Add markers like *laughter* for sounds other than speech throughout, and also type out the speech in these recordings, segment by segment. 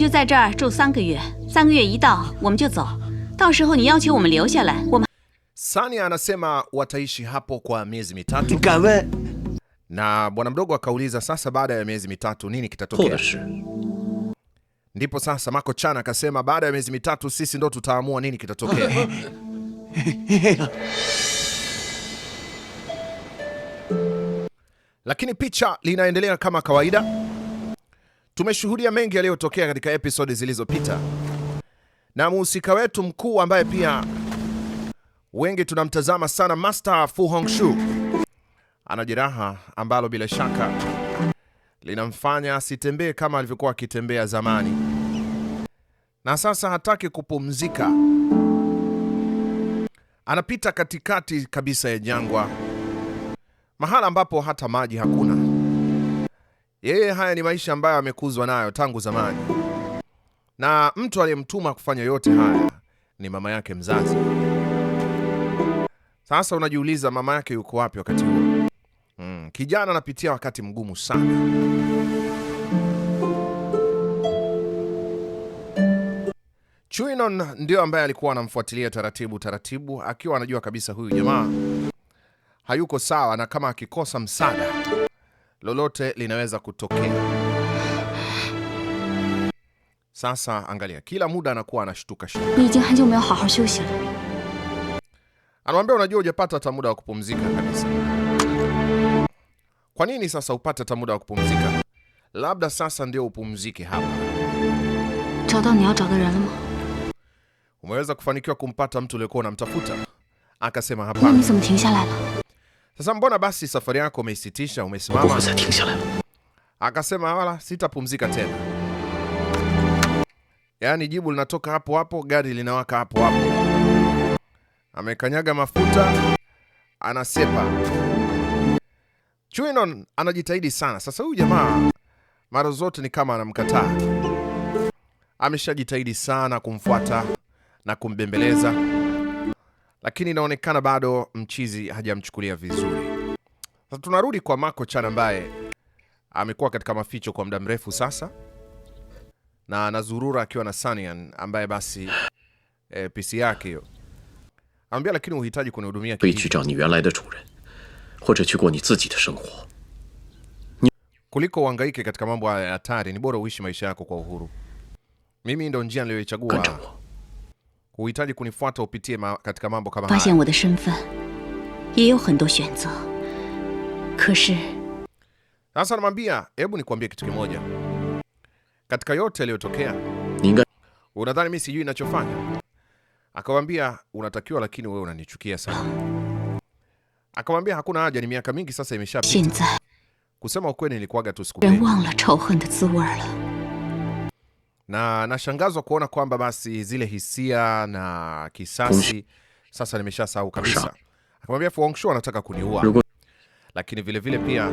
就在这儿住三个月，三个月一到我们就走。到时候你要求我们留下来，我们 anasema wataishi hapo kwa miezi mitatu na bwana mdogo akauliza sasa, baada ya miezi mitatu nini kitatokea? Ndipo sasa Mako Chana akasema, baada ya miezi mitatu sisi ndo tutaamua nini kitatokea. *laughs* Lakini picha linaendelea kama kawaida. Tumeshuhudia mengi yaliyotokea katika episodi zilizopita, na muhusika wetu mkuu ambaye pia wengi tunamtazama sana, Master Fu Hongxue ana jeraha ambalo bila shaka linamfanya asitembee kama alivyokuwa akitembea zamani, na sasa hataki kupumzika. Anapita katikati kabisa ya jangwa, mahala ambapo hata maji hakuna. Yeye haya ni maisha ambayo amekuzwa nayo tangu zamani, na mtu aliyemtuma kufanya yote haya ni mama yake mzazi. Sasa unajiuliza mama yake yuko wapi wakati huu? Mm, kijana anapitia wakati mgumu sana. Chuinon ndio ambaye alikuwa anamfuatilia taratibu taratibu, akiwa anajua kabisa huyu jamaa hayuko sawa, na kama akikosa msaada lolote linaweza kutokea. Sasa angalia, kila muda anakuwa anashtuka shtuka. Anamwambia, unajua hujapata hata muda wa kupumzika kabisa. Kwa nini sasa upate hata muda wa kupumzika? Labda sasa ndio upumzike hapa. Umeweza kufanikiwa kumpata mtu uliokuwa unamtafuta? Akasema hapana. Sasa mbona basi safari yako umeisitisha, umesimama? Akasema wala sitapumzika tena. Yaani jibu linatoka hapo hapo, gari linawaka hapo hapo. Amekanyaga mafuta, anasepa. Chuinon anajitahidi sana. Sasa huyu jamaa mara zote ni kama anamkataa. Ameshajitahidi sana kumfuata na kumbembeleza lakini inaonekana bado mchizi hajamchukulia vizuri. Sasa tunarudi kwa Mako Chan ambaye amekuwa katika maficho kwa muda mrefu sasa na anazurura akiwa na Sanian ambaye basi e, pisi yake hiyo anambia, lakini uhitaji kunihudumia kuliko uangaike katika mambo haya hatari, ni bora uishi maisha yako kwa uhuru. Mimi ndo njia niliyoichagua Huhitaji kunifuata upitie ma katika mambo kama haya. Sasa namwambia, hebu nikuambie kitu kimoja. Katika yote yaliyotokea, unadhani mi sijui inachofanya Akamwambia, unatakiwa lakini wewe unanichukia sana. Akamwambia, hakuna haja, ni miaka mingi sasa imeshapita. Kusema ukweli nilikuwaga tu siku na nashangazwa kuona kwamba basi zile hisia na kisasi sasa nimeshasahau kabisa. Akamwambia Fu Hongxue anataka kuniua, lakini vile vile pia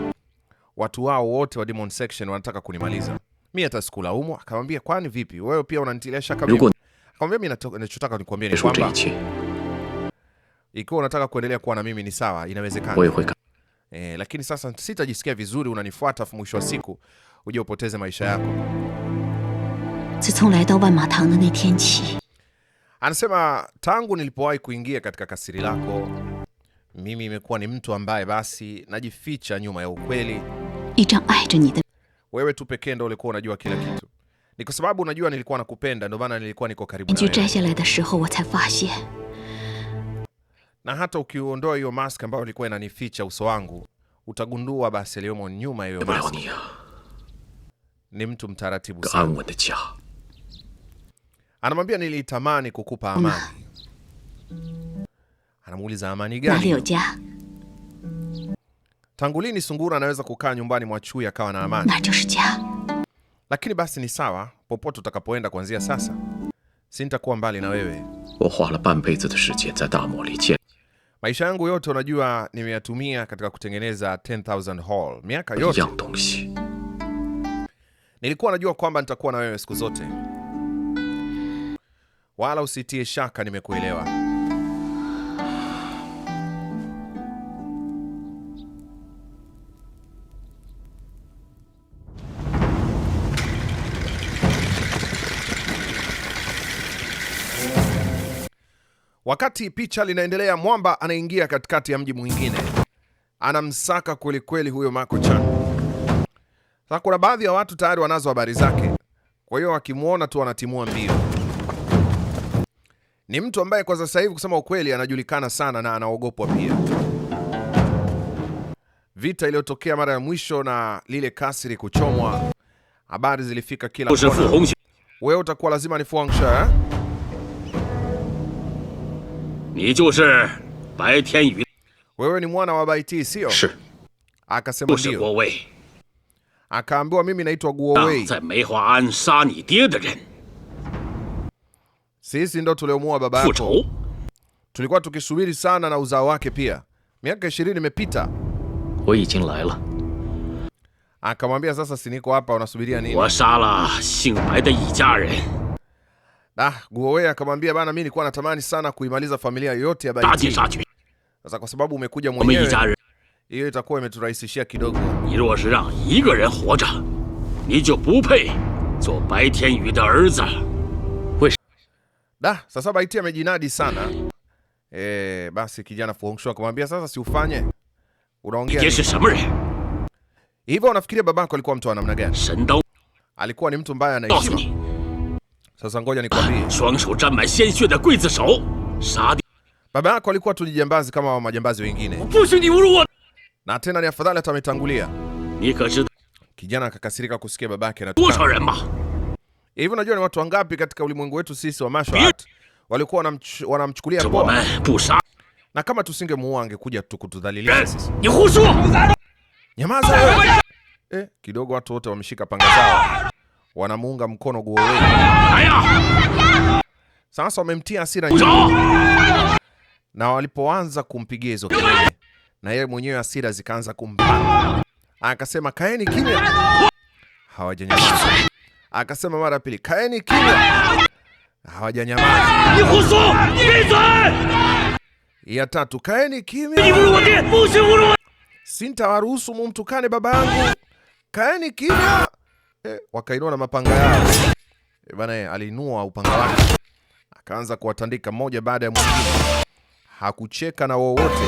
watu wao wote wa Demon Section wanataka kunimaliza mimi, hata sikulaumu. Akamwambia kwani vipi wewe pia unanitilia shaka mimi? Akamwambia mimi ninachotaka nikuambia ni kwamba ikiwa unataka kuendelea kuwa na mimi ni sawa, inawezekana eh, lakini sasa sitajisikia vizuri unanifuata, mwisho wa siku uje upoteze maisha yako. 自从来到万马堂的那天起，anasema tangu nilipowahi kuingia katika kasiri lako mimi imekuwa ni mtu ambaye basi najificha nyuma ya ukweli. Wewe tu pekee ndo ulikuwa unajua kila kitu. Ni kwa sababu unajua nilikuwa nakupenda, ndo maana nilikuwa niko karibu nawe. Na hata ukiondoa hiyo mask ambayo ilikuwa inanificha uso wangu, utagundua basi aliyomo nyuma ya hiyo mask ni mtu mtaratibu sana anamwambia nilitamani kukupa amani. Anamuuliza amani gani? Tangu lini sungura anaweza kukaa nyumbani mwa chui akawa na amani? Lakini basi ni sawa, popote utakapoenda kuanzia sasa sintakuwa mbali na wewe. Maisha yangu yote unajua nimeyatumia katika kutengeneza 10000 hall. Miaka yote nilikuwa najua kwamba nitakuwa na wewe siku zote wala usitie shaka, nimekuelewa. Wakati picha linaendelea, mwamba anaingia katikati ya mji mwingine, anamsaka kwelikweli huyo Mako Chan. Sasa kuna baadhi ya watu tayari wanazo habari zake, kwa hiyo wakimwona tu wanatimua mbio. Ni mtu ambaye kwa sasa hivi kusema ukweli anajulikana sana na anaogopwa pia. Vita iliyotokea mara ya mwisho na lile kasri kuchomwa, habari zilifika kila kona. Wewe utakuwa lazima ni Fuangsha eh? Wewe ni mwana wa Bai Tianyu sio? Akasema ndio. Akaambiwa mimi naitwa Guowei. Sisi ndo tuliomua baba yako, tulikuwa tukisubiri sana na uzao wake pia. Miaka ishirini imepita. Akamwambia, sasa si niko hapa, unasubiria nini? Ah, Guowe akamwambia bana, mimi nilikuwa natamani sana kuimaliza familia yote ya Bai. Sasa kwa sababu umekuja mwenyewe, hiyo itakuwa imeturahisishia kidogo. Ni jo bupei zo Bai de erzi Da, sasa Baiti amejinadi sana. Eh, basi kijana Fu Hongxue akamwambia sasa si ufanye. Unaongea. Hivyo unafikiria babako alikuwa mtu wa namna gani? Alikuwa ni mtu mbaya anaheshima. Sasa ngoja nikwambie. Ah, Baba yako alikuwa tu jijambazi kama wa majambazi wengine. Na tena ni afadhali hata ametangulia. Kijana akakasirika kusikia babake anatukana. Hivi unajua ni watu wangapi katika ulimwengu wetu sisi wa martial art walikuwa wanamchukulia poa, na kama tusingemuua angekuja tukutudhalilisha sisi. Nyamaza Eh, kidogo watu wote wameshika panga zao wanamuunga mkono guo wewe. Sasa wamemtia hasira na walipoanza kumpigia hizo kelele, na yeye mwenyewe hasira zikaanza kumpanda, akasema kaeni kimya, hawajanyamaza akasema mara pili, kaeni kimya. Hawajanyamaza. Ya tatu, kaeni kimya, sintawaruhusu mumtukane baba yangu, kaeni kimya. Eh, wakainua na mapanga yao e, bana. Aliinua upanga wake akaanza kuwatandika mmoja baada ya mwingine, hakucheka na wowote.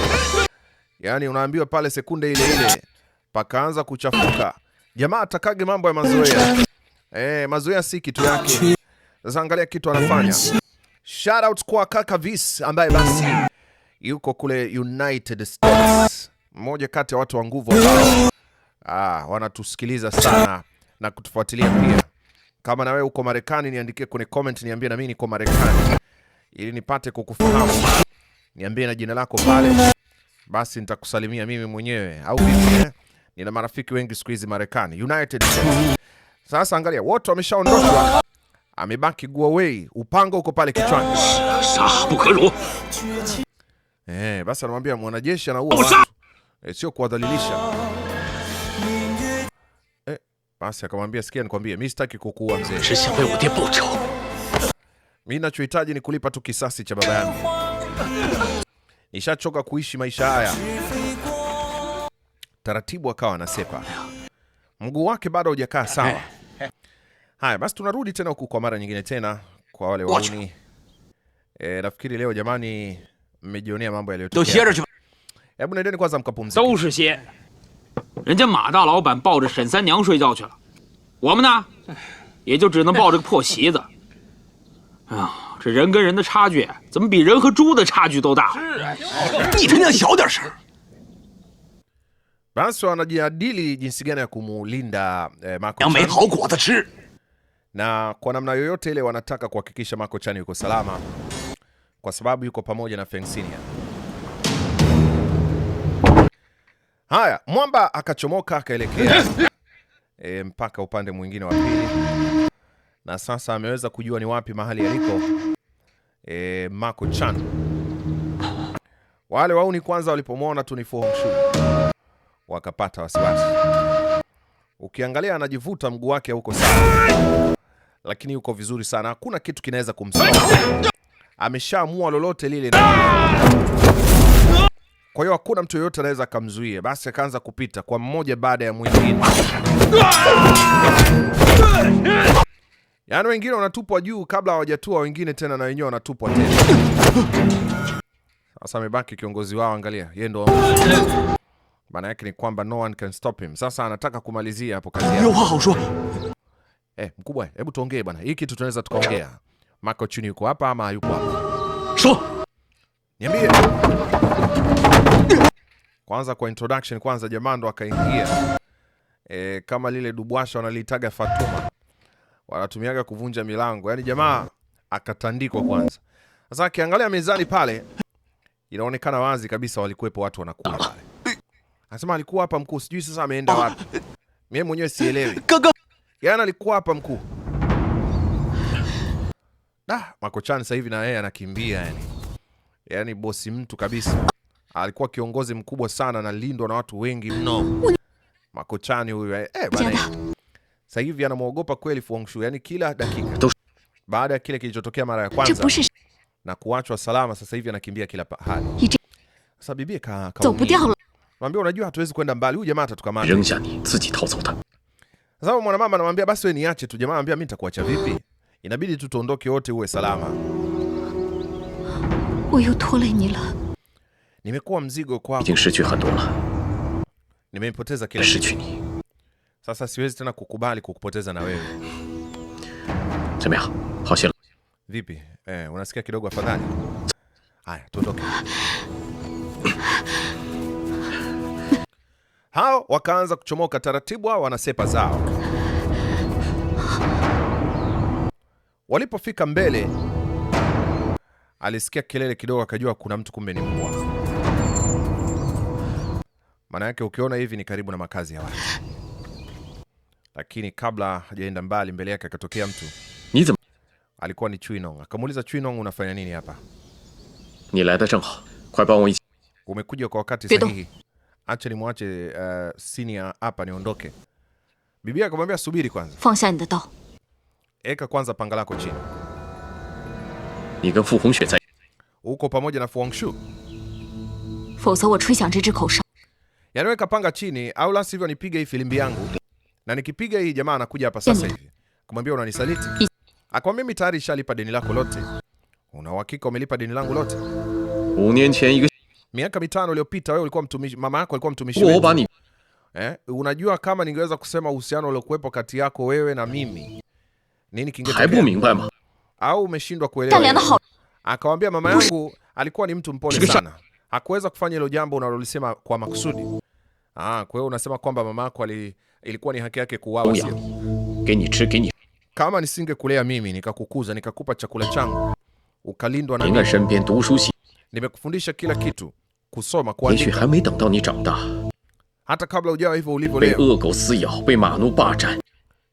Yani unaambiwa pale sekunde ile ile pakaanza kuchafuka. Jamaa atakage mambo ya mazoea. Eh, mazoea si kitu yake. Sasa angalia kitu anafanya. Shout out kwa Kaka Vis ambaye basi yuko kule United States. Mmoja kati ya watu wa nguvu ah, wanatusikiliza sana na kutufuatilia pia. Kama na wewe uko Marekani, niandikie kwenye comment, niambie na mimi niko Marekani ili nipate kukufahamu. Niambie na jina lako pale, basi nitakusalimia mimi mwenyewe au vipi? Eh? Nina marafiki wengi siku hizi Marekani, United States. Sasa angalia, wote wameshaondoshwa, amebaki Guowei, upanga uko pale kichwani. Eh, basi anamwambia mwanajeshi anaua watu, eh, sio kuwadhalilisha. Eh, basi akamwambia, sikia, nikwambie, mimi sitaki kukuua mzee, mimi ninachohitaji ni kulipa tu kisasi cha baba yangu. Nishachoka kuishi maisha haya. Taratibu akawa anasepa, mguu wake bado hujakaa sawa. 嗨，但是你要注意，你要扣扣，我们跟你跟人家，扣不了。我操！想你。我操！都蝎子。都蝎子！人家马大老板抱着沈三娘睡觉去了，我们呢，*laughs* 也就只能抱着个破席子。哎呀，这人跟人的差距，怎么比人和猪的差距都大？是啊。你他娘小点声！但是啊，那这阿迪丽今天跟人家库姆·琳达·马库斯。杨梅好果子吃。na kwa namna yoyote ile wanataka kuhakikisha Marco Chan yuko salama, kwa sababu yuko pamoja na Feng Haya, mwamba akachomoka akaelekea *laughs* e, mpaka upande mwingine wa pili, na sasa ameweza kujua ni wapi mahali yaliko e, eh, Marco Chan. Wale wauni kwanza walipomwona tu ni Fu Hongxue wakapata wasiwasi. Ukiangalia anajivuta mguu wake huko sana lakini yuko vizuri sana, hakuna kitu kinaweza kumsaidia. Ameshaamua lolote lile, kwa hiyo hakuna mtu yoyote anaweza akamzuia. Basi akaanza kupita kwa mmoja baada ya mwingine, yaani wengine wanatupwa juu kabla hawajatua, wengine tena na wenyewe wanatupwa tena. Sasa amebaki kiongozi wao, angalia, yeye ndo maana yake ni kwamba no one can stop him. Sasa anataka kumalizia hapo kazi yake. Eh, mkubwa, hebu tuongee bwana. Hii kitu tunaweza tukaongea. Marco Chuni yuko hapa ama yuko hapa? Sho. Niambie. Kwanza kwa introduction kwanza jamaa ndo akaingia. E, kama lile dubwasha wanalitaga Fatuma. Wanatumiaga kuvunja milango. Yaani jamaa akatandikwa kwanza. Sasa akiangalia mezani pale inaonekana wazi kabisa walikuwepo watu wanakula pale. Anasema alikuwa hapa mkuu, sijui sasa ameenda wapi. Mimi mwenyewe sielewi. Yana alikuwa hapa mkuu. Nah, Makochani sasa hivi na yeye anakimbia yani. Yani bosi mtu kabisa. Alikuwa kiongozi mkubwa sana na lindwa na watu wengi mno. Makochani huyu eh, eh bana. Sasa hivi anamuogopa kweli Fu Hongxue yani kila dakika. Baada ya kile kilichotokea mara ya kwanza na kuachwa salama, sasa hivi anakimbia kila pahali. Sasa bibi ka, ka, unajua hatuwezi kwenda mbali. Huyu jamaa atatukamata. Sasa mwanamama anamwambia basi we niache tu. Jamaa anambia mimi nitakuacha vipi? Inabidi tu tuondoke wote uwe salama. Nimekuwa mzigo kwako. Nimepoteza kila kitu. Sasa siwezi tena kukubali kukupoteza na wewe. Vipi? Eh, unasikia kidogo afadhali? Haya, tuondoke. Hao wakaanza kuchomoka taratibu, hao wanasepa zao. Walipofika mbele, alisikia kelele kidogo, akajua kuna mtu, kumbe ni mbwa. Maana yake ukiona hivi ni karibu na makazi ya watu, lakini kabla hajaenda mbali, mbele yake akatokea mtu. Alikuwa ni Chuinong. Akamuuliza Chuinong, unafanya nini hapa? Umekuja kwa wakati sahihi acha nimwache uh, senior hapa niondoke. Bibi akamwambia subiri kwanza. Fangsha ni dao. Eka kwanza panga lako chini. Ni gen Fu Hongxue zai. Uko pamoja na Fu Hongxue. Fauza wo chui xiang zhi kou shang, Yaani weka panga chini au la sivyo nipige hii filimbi yangu. Na nikipiga hii jamaa anakuja hapa sasa yaani- hivi. Kumwambia unanisaliti. Akamwambia mimi tayari shalipa deni lako lote. Una uhakika umelipa deni langu lote? 五年前一个 miaka mitano iliyopita wewe ulikuwa mtumishi, mama yako alikuwa mtumishi wewe. wetu. Eh, unajua kama ningeweza kusema uhusiano uliokuwepo kati yako wewe na mimi nini kingetokea? Au umeshindwa kuelewa? Akamwambia mama yangu alikuwa ni mtu mpole sana, hakuweza kufanya hilo jambo unalolisema kwa makusudi. Ah, kwa hiyo unasema kwamba mama yako ali, ilikuwa ni haki yake kuuawa, sio? Kama nisingekulea mimi nikakukuza nikakupa chakula changu ukalindwa na nimekufundisha kila kitu kusoma kuandika. Yeshu hamei dangdao ni changda, hata kabla ujawa hivyo ulivyo leo. Bei egou siyao, bei manu bachan.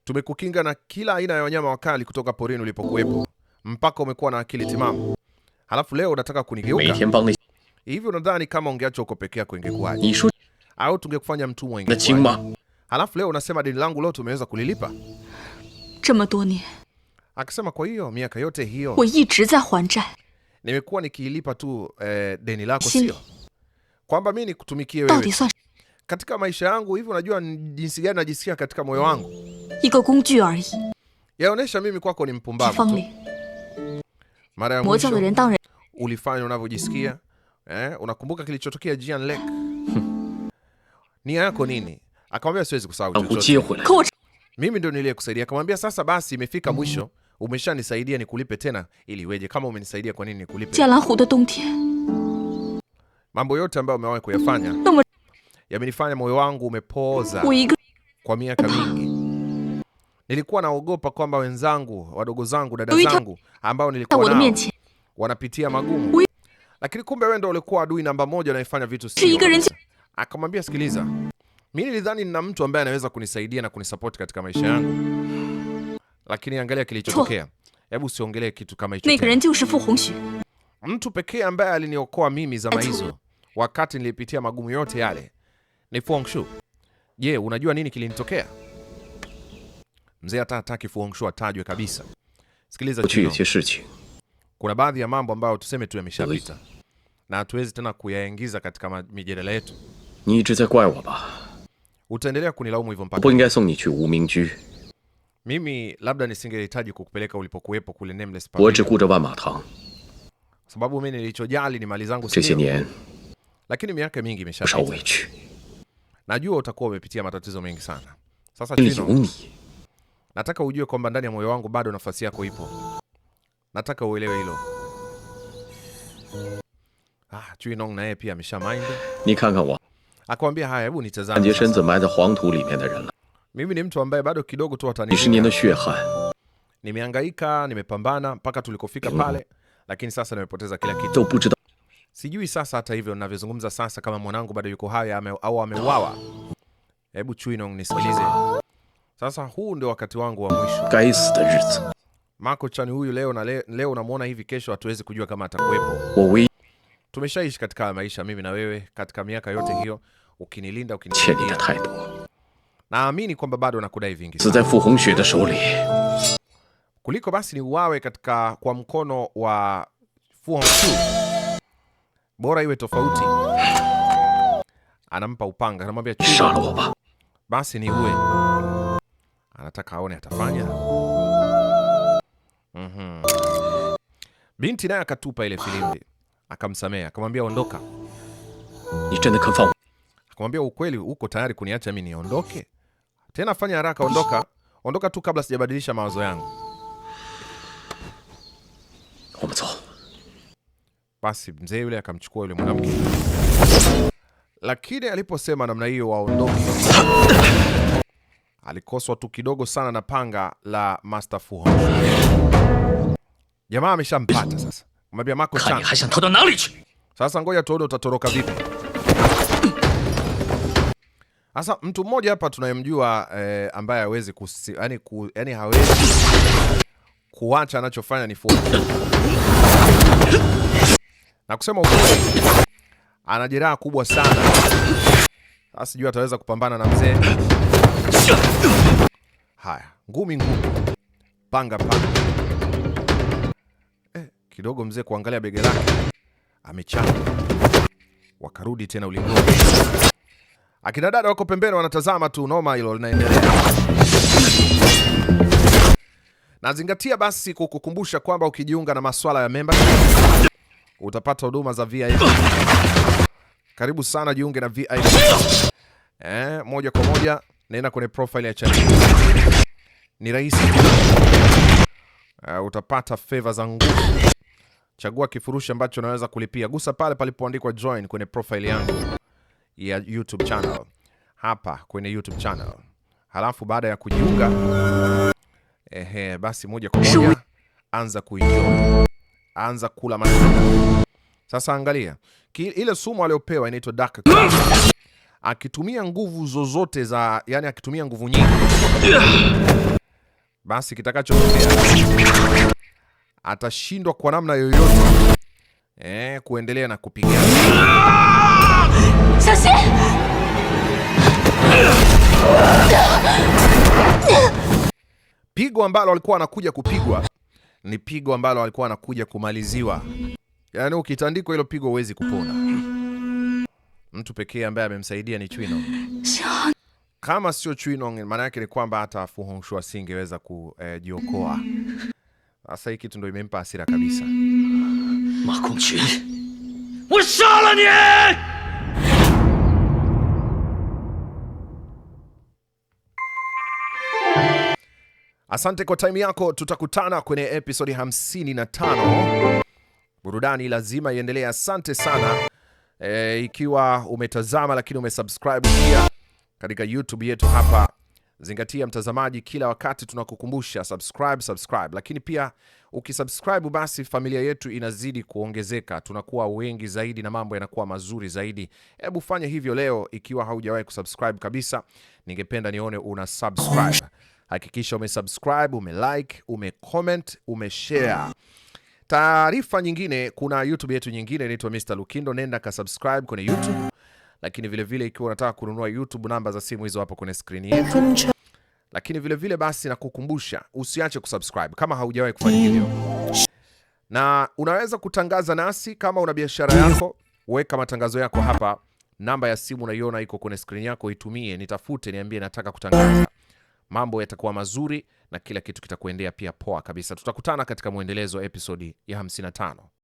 Tumekukinga na kila aina ya wanyama wakali kutoka porini ulipokuwepo mpaka umekuwa na akili timamu, halafu leo unataka kunigeuka hivi? Unadhani kama ungeacha uko peke yako ingekuwaje? Au tungekufanya mtumwa ingekuwaje? Halafu leo unasema deni langu leo tumeweza kulilipa. Akisema kwa hiyo miaka yote hiyo nimekuwa nikiilipa tu eh, deni lako sio? kwamba mi nikutumikie wewe katika maisha yangu. Hivi unajua jinsi gani najisikia katika moyo wangu? Yaonyesha mimi kwako ni mpumbavu tu. Mara ya mwisho ulifanya unavyojisikia, eh, unakumbuka kilichotokea Jian Lake? *laughs* Nia yako nini? Akamwambia siwezi kusahau chochote. Mimi ndio niliyekusaidia. Akamwambia sasa basi imefika mwisho. Umeshanisaidia nikulipe tena ili weje? Kama umenisaidia kwa nini nikulipe? Mambo yote ambayo umewahi kuyafanya yamenifanya moyo wangu umepooza kwa miaka mingi. Nilikuwa naogopa kwamba wenzangu, wadogo zangu, dada zangu ambao nilikuwa nao wanapitia magumu, lakini kumbe wewe ndio ulikuwa adui namba moja anayefanya vitu sio. Akamwambia, sikiliza, mi nilidhani nina mtu ambaye anaweza kunisaidia na kunisupport katika maisha yangu, lakini angalia kilichotokea. Hebu usiongelee kitu kama hicho. Mtu pekee ambaye aliniokoa mimi zama hizo wakati nilipitia magumu yote yale ni Fuangshu. Je, unajua nini kilinitokea? Mzee hata hataki Fuangshu atajwe kabisa. Sikiliza, kuna baadhi ya mambo ambayo tuseme tu yameshapita na hatuwezi tena kuyaingiza katika mijadala yetu. Utaendelea kunilaumu hivyo mpaka mimi labda nisingehitaji kukupeleka ulipokuwepo kule Nameless Park. Sababu mimi nilichojali ni mali zangu lakini miaka mingi imeshapita. Najua utakuwa umepitia matatizo mengi sana. Sasa Chino, nataka ujue kwamba ndani ya moyo wangu bado nafasi yako ipo. Nataka uelewe hilo. Ah, Chino naye pia amesha mind. Akwambia haya, hebu nitazame. Mimi ni mtu ambaye bado kidogo tu watani. Nimehangaika, nimepambana mpaka tulikofika pale, lakini sasa nimepoteza kila kitu. Sijui sasa, hata hivyo navyozungumza sasa, kama mwanangu bado yuko hai au ameuawa. Hebu Chuinong, nisikilize sasa, huu ndio wakati wangu wa mwisho. Mako Chan huyu leo na le, leo unamwona hivi, kesho hatuwezi kujua kama atakuwepo. Tumeshaishi katika maisha mimi na wewe katika miaka yote hiyo, ukinilinda ukinilinda. Naamini kwamba bado nakudai vingi kuliko basi ni uwawe katika kwa mkono wa Fu Hongxue bora iwe tofauti. Anampa upanga, anamwambia chua, basi ni uwe. Anataka aone atafanya. mm Binti naye akatupa ile filimbi, Akamsamea, akamwambia ondoka. Akamwambia ukweli, uko tayari kuniacha mimi niondoke? Tena fanya haraka, ondoka, ondoka tu kabla sijabadilisha mawazo yangu basi mzee yule akamchukua yule mwanamke, lakini aliposema namna hiyo waondoke, alikoswa tu kidogo sana na panga la Master Fu Hongxue. Jamaa ameshampata sasa, mwambia Mako Chan, sasa ngoja tuone utatoroka vipi. Sasa mtu mmoja hapa tunayemjua eh, ambaye hawezi yani, ku, yani hawezi kuacha anachofanya ni na kusema ukweli, ana jeraha kubwa sana. Sasa sijui ataweza kupambana na mzee. Haya, ngumi ngumi, panga panga. Eh, kidogo mzee kuangalia bega lake amechana. Wakarudi tena ulingoni, akina dada wako pembeni wanatazama tu, noma hilo linaendelea. Nazingatia basi kukukumbusha kwamba ukijiunga na maswala ya membership utapata huduma za VIP. Karibu sana, jiunge na VIP. Eh, moja kwa moja naenda kwenye profile ya channel. Ni rahisi. Uh, utapata favor za nguvu. Chagua kifurushi ambacho unaweza kulipia. Gusa pale palipoandikwa join kwenye profile yangu ya YouTube channel. Hapa kwenye YouTube channel. Halafu baada ya kujiunga, ehe, basi moja kwa moja anza kuingia anza kula majani. Sasa angalia ile sumu aliyopewa inaitwa dark Akitumia nguvu zozote za, yani akitumia nguvu nyingi, basi kitakachotokea atashindwa kwa namna yoyote eh, kuendelea na kupigana. Sasa pigo ambalo alikuwa anakuja kupigwa ni pigo ambalo alikuwa anakuja kumaliziwa. Yani ukitandikwa hilo pigo huwezi kupona. Mtu pekee ambaye amemsaidia ni Chwino. Kama sio Chwino, maana yake ni kwamba hata Fu Hongxue asingeweza kujiokoa. Sasa hii kitu ndio imempa hasira kabisa. Ma Kongqun, Asante kwa time yako, tutakutana kwenye episodi 55. Burudani lazima iendelee. Asante sana e, ikiwa umetazama lakini umesubscribe pia katika YouTube yetu hapa. Zingatia mtazamaji, kila wakati tunakukumbusha subscribe, subscribe. Lakini pia ukisubscribe, basi familia yetu inazidi kuongezeka, tunakuwa wengi zaidi na mambo yanakuwa mazuri zaidi. Hebu fanya hivyo leo, ikiwa haujawahi kusubscribe kabisa, ningependa nione una subscribe hakikisha umesubscribe, umelike, umecomment, umeshare. Taarifa nyingine, kuna YouTube yetu nyingine inaitwa Mr. Lukindo, nenda ka subscribe kwenye YouTube, lakini vile vile ikiwa unataka kununua YouTube, namba za simu hizo hapo kwenye screen yetu. Lakini vile vile basi nakukumbusha usiache kusubscribe kama haujawahi kufanya hivyo, na unaweza kutangaza nasi kama una biashara yako, weka matangazo yako hapa. Namba ya simu unaiona iko kwenye skrini yako, itumie, nitafute, niambie nataka kutangaza mambo yatakuwa mazuri na kila kitu kitakuendea pia poa kabisa. Tutakutana katika mwendelezo wa episodi ya 55.